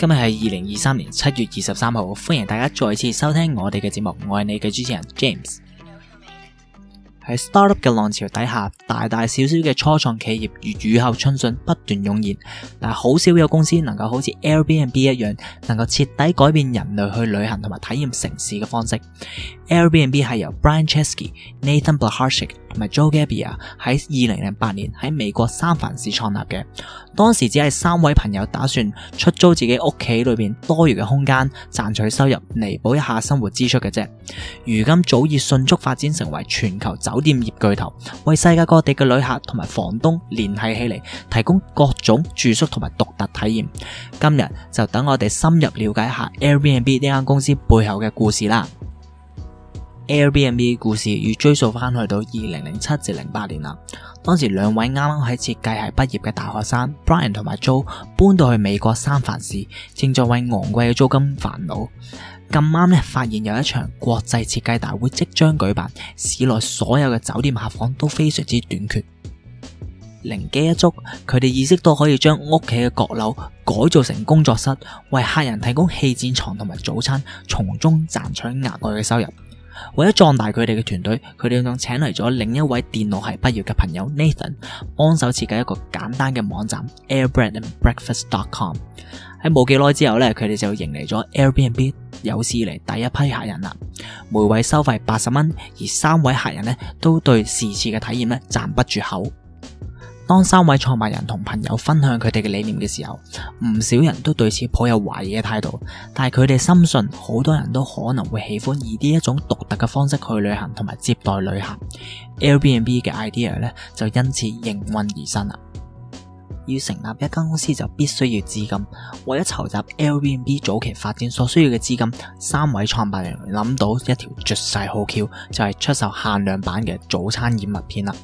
今日係二零二三年七月二十三號，歡迎大家再次收聽我哋嘅節目，我係你嘅主持人 James。喺 startup 嘅浪潮底下，大大小小嘅初創企業如雨後春筍不斷湧現，但係好少有公司能夠好似 Airbnb 一樣，能夠徹底改變人類去旅行同埋體驗城市嘅方式。Airbnb 係由 Brian Chesky、Nathan Blecharczyk 同埋 Joe Gebbia 喺2008年喺美國三藩市創立嘅，當時只係三位朋友打算出租自己屋企裏邊多餘嘅空間，賺取收入彌補一下生活支出嘅啫。如今早已迅速發展成為全球走。酒店業巨頭，為世界各地嘅旅客同埋房東聯繫起嚟，提供各種住宿同埋獨特體驗。今日就等我哋深入了解下 Airbnb 呢間公司背後嘅故事啦。Airbnb 嘅故事要追溯翻去到二零零七至零八年啦。當時兩位啱啱喺設計系畢業嘅大學生 Brian 同埋 Joe 搬到去美國三藩市，正在為昂貴嘅租金煩惱。咁啱咧，發現有一場國際設計大會即將舉辦，市內所有嘅酒店客房都非常之短缺。靈機一觸，佢哋意識到可以將屋企嘅閣樓改造成工作室，為客人提供氣墊床同埋早餐，從中賺取額外嘅收入。為咗壯大佢哋嘅團隊，佢哋仲請嚟咗另一位電腦係畢業嘅朋友 Nathan，幫 Nathan, 手設計一個簡單嘅網站 AirBedandBreakfast.com 喺冇幾耐之後咧，佢哋就迎嚟咗 Airbnb 有史以嚟第一批客人啦。每位收費八十蚊，而三位客人咧都對是次嘅體驗咧讚不絕口。當三位創辦人同朋友分享佢哋嘅理念嘅時候，唔少人都對此抱有懷疑嘅態度，但係佢哋深信好多人都可能會喜歡以呢一種獨特嘅方式去旅行同埋接待旅客。Airbnb 嘅 idea 咧就因此應運而生啦。要成立一間公司就必須要資金，為咗籌集 Airbnb 早期發展所需要嘅資金，三位創辦人諗到一條絕世好橋，就係出售限量版嘅早餐燕麥片啦。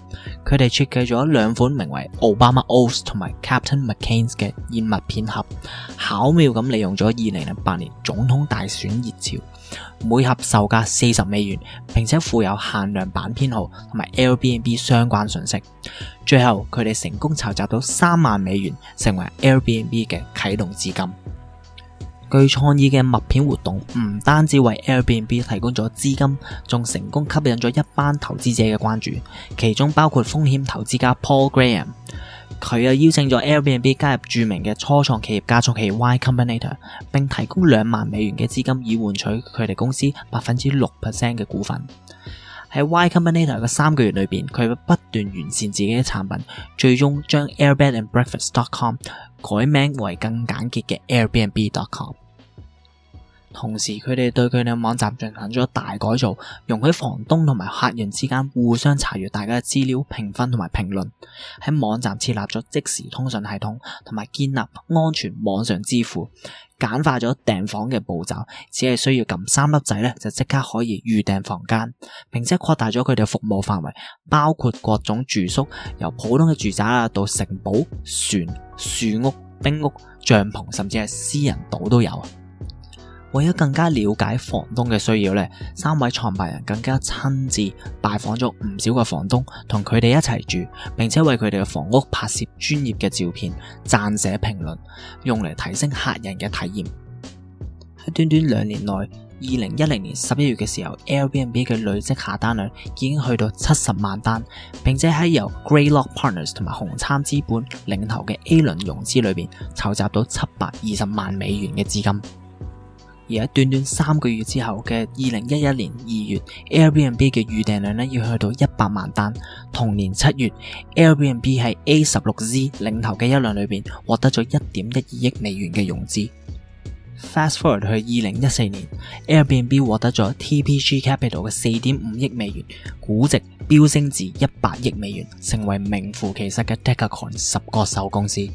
佢哋設計咗兩款名為 Obama Oats 同埋 Captain McCain 嘅燕麥片盒，巧妙咁利用咗二零零八年總統大選熱潮，每盒售價四十美元，並且附有限量版編號同埋 Airbnb 相關信息。最後，佢哋成功籌集到三萬美元，成為 Airbnb 嘅啟動資金。具創意嘅麥片活動唔單止為 Airbnb 提供咗資金，仲成功吸引咗一班投資者嘅關注，其中包括風險投資家 Paul Graham。佢又邀請咗 Airbnb 加入著名嘅初創企業加速器 Y Combinator，並提供兩萬美元嘅資金，以換取佢哋公司百分之六 percent 嘅股份。喺 Y Combinator 嘅三個月裏邊，佢會不斷完善自己嘅產品，最終將 AirBedAndBreakfast.com 改名為更簡潔嘅 Airbnb.com。同時，佢哋對佢哋嘅網站進行咗大改造，容許房東同埋客人之間互相查閲大家嘅資料、評分同埋評論。喺網站設立咗即時通訊系統，同埋建立安全網上支付。簡化咗訂房嘅步驟，只係需要撳三粒掣呢，就即刻可以預訂房間，並且擴大咗佢哋嘅服務範圍，包括各種住宿，由普通嘅住宅啊到城堡、船、樹屋、冰屋、帳篷，甚至係私人島都有。為咗更加了解房東嘅需要咧，三位創辦人更加親自拜訪咗唔少嘅房東，同佢哋一齊住，並且為佢哋嘅房屋拍攝專業嘅照片、撰寫評論，用嚟提升客人嘅體驗。喺短短兩年內，二零一零年十一月嘅時候，Airbnb 嘅累積下單量已經去到七十萬單，並且喺由 Greylock Partners 同埋紅杉資本領頭嘅 A 輪融資裏邊籌集到七百二十萬美元嘅資金。而喺短短三個月之後嘅二零一一年二月，Airbnb 嘅預訂量咧要去到一百萬單。同年七月，Airbnb 喺 A 十六 Z 領頭嘅一輪裏邊獲得咗一點一二億美元嘅融資。Fast forward 去二零一四年，Airbnb 獲得咗 TPG Capital 嘅四點五億美元，估值飆升至一百億美元，成為名副其實嘅 Decacorn 十個手公司。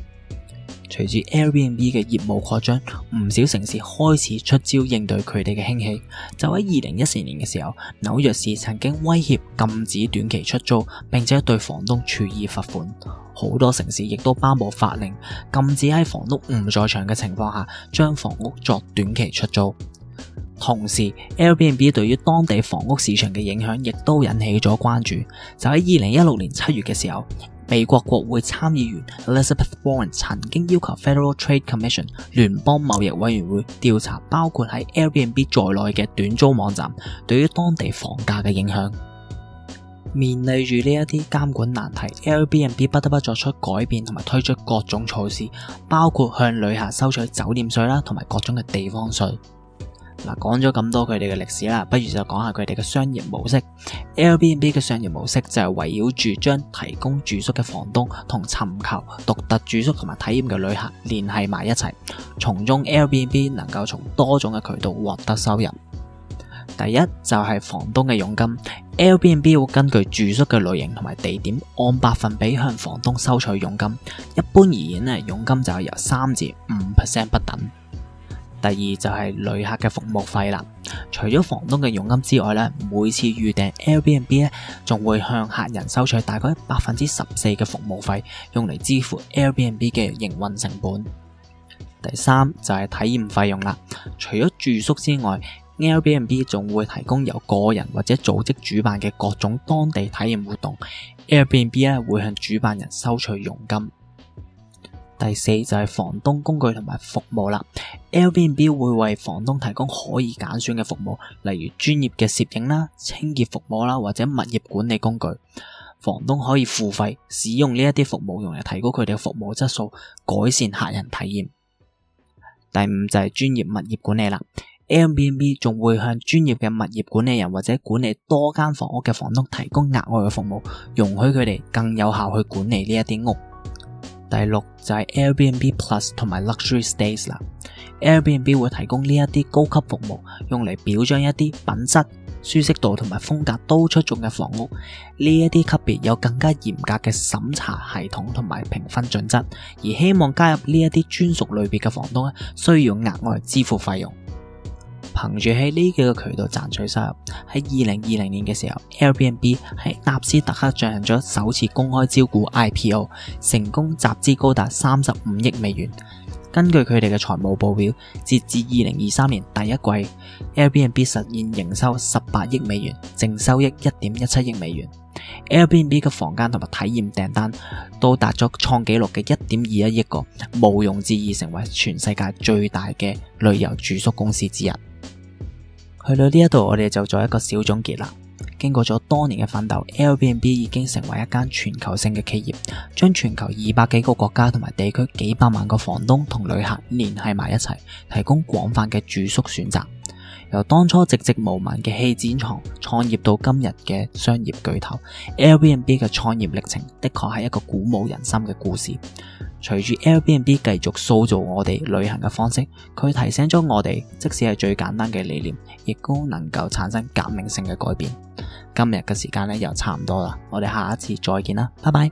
隨住 Airbnb 嘅業務擴張，唔少城市開始出招應對佢哋嘅興起。就喺二零一四年嘅時候，紐約市曾經威脅禁止短期出租，並且對房東處以罰款。好多城市亦都頒布法令，禁止喺房屋唔在場嘅情況下將房屋作短期出租。同時，Airbnb 對於當地房屋市場嘅影響亦都引起咗關注。就喺二零一六年七月嘅時候，美國國會參議員 Elizabeth Warren 曾經要求 Federal Trade Commission 聯邦貿易委員會調查包括喺 Airbnb 在內嘅短租網站對於當地房價嘅影響。面對住呢一啲監管難題，Airbnb 不得不作出改變同埋推出各種措施，包括向旅客收取酒店稅啦，同埋各種嘅地方稅。嗱，講咗咁多佢哋嘅歷史啦，不如就講下佢哋嘅商業模式。Airbnb 嘅商業模式就係圍繞住將提供住宿嘅房東同尋求獨特住宿同埋體驗嘅旅客聯繫埋一齊，從中 Airbnb 能夠從多種嘅渠道獲得收入。第一就係房東嘅佣金，Airbnb 會根據住宿嘅類型同埋地點按百分比向房東收取佣金，一般而言咧，佣金就係由三至五 percent 不等。第二就係旅客嘅服務費啦，除咗房東嘅佣金之外咧，每次預訂 Airbnb 咧，仲會向客人收取大概百分之十四嘅服務費，用嚟支付 Airbnb 嘅營運成本。第三就係體驗費用啦，除咗住宿之外，Airbnb 仲會提供由個人或者組織主辦嘅各種當地體驗活動，Airbnb 咧會向主辦人收取佣金。第四就係房東工具同埋服務啦，Airbnb 會為房東提供可以揀選嘅服務，例如專業嘅攝影啦、清潔服務啦或者物業管理工具，房東可以付費使用呢一啲服務，用嚟提高佢哋嘅服務質素，改善客人體驗。第五就係專業物業管理啦，Airbnb 仲會向專業嘅物業管理人或者管理多間房屋嘅房東提供額外嘅服務，容許佢哋更有效去管理呢一啲屋。第六就係 Airbnb Plus 同埋 Luxury Stays 啦，Airbnb 會提供呢一啲高級服務，用嚟表彰一啲品質、舒適度同埋風格都出眾嘅房屋。呢一啲級別有更加嚴格嘅審查系統同埋評分準則，而希望加入呢一啲專屬類別嘅房東咧，需要額外支付費用。憑住喺呢幾個渠道賺取收入，喺二零二零年嘅時候，Airbnb 喺納斯達克進行咗首次公開招股 IPO，成功集資高達三十五億美元。根據佢哋嘅財務報表，截至二零二三年第一季，Airbnb 實現營收十八億美元，淨收益一點一七億美元。Airbnb 嘅房間同埋體驗訂單到達咗創紀錄嘅一點二一億個，毋庸置疑成為全世界最大嘅旅遊住宿公司之一。去到呢一度，我哋就做一個小總結啦。經過咗多年嘅奮鬥，Airbnb 已經成為一間全球性嘅企業，將全球二百幾個國家同埋地區幾百萬個房東同旅客聯繫埋一齊，提供廣泛嘅住宿選擇。由當初寂寂無聞嘅氣墊床創業到今日嘅商業巨頭，Airbnb 嘅創業歷程的確係一個鼓舞人心嘅故事。隨住 Airbnb 繼續塑造我哋旅行嘅方式，佢提醒咗我哋，即使係最簡單嘅理念，亦都能夠產生革命性嘅改變。今日嘅時間咧又差唔多啦，我哋下一次再見啦，拜拜。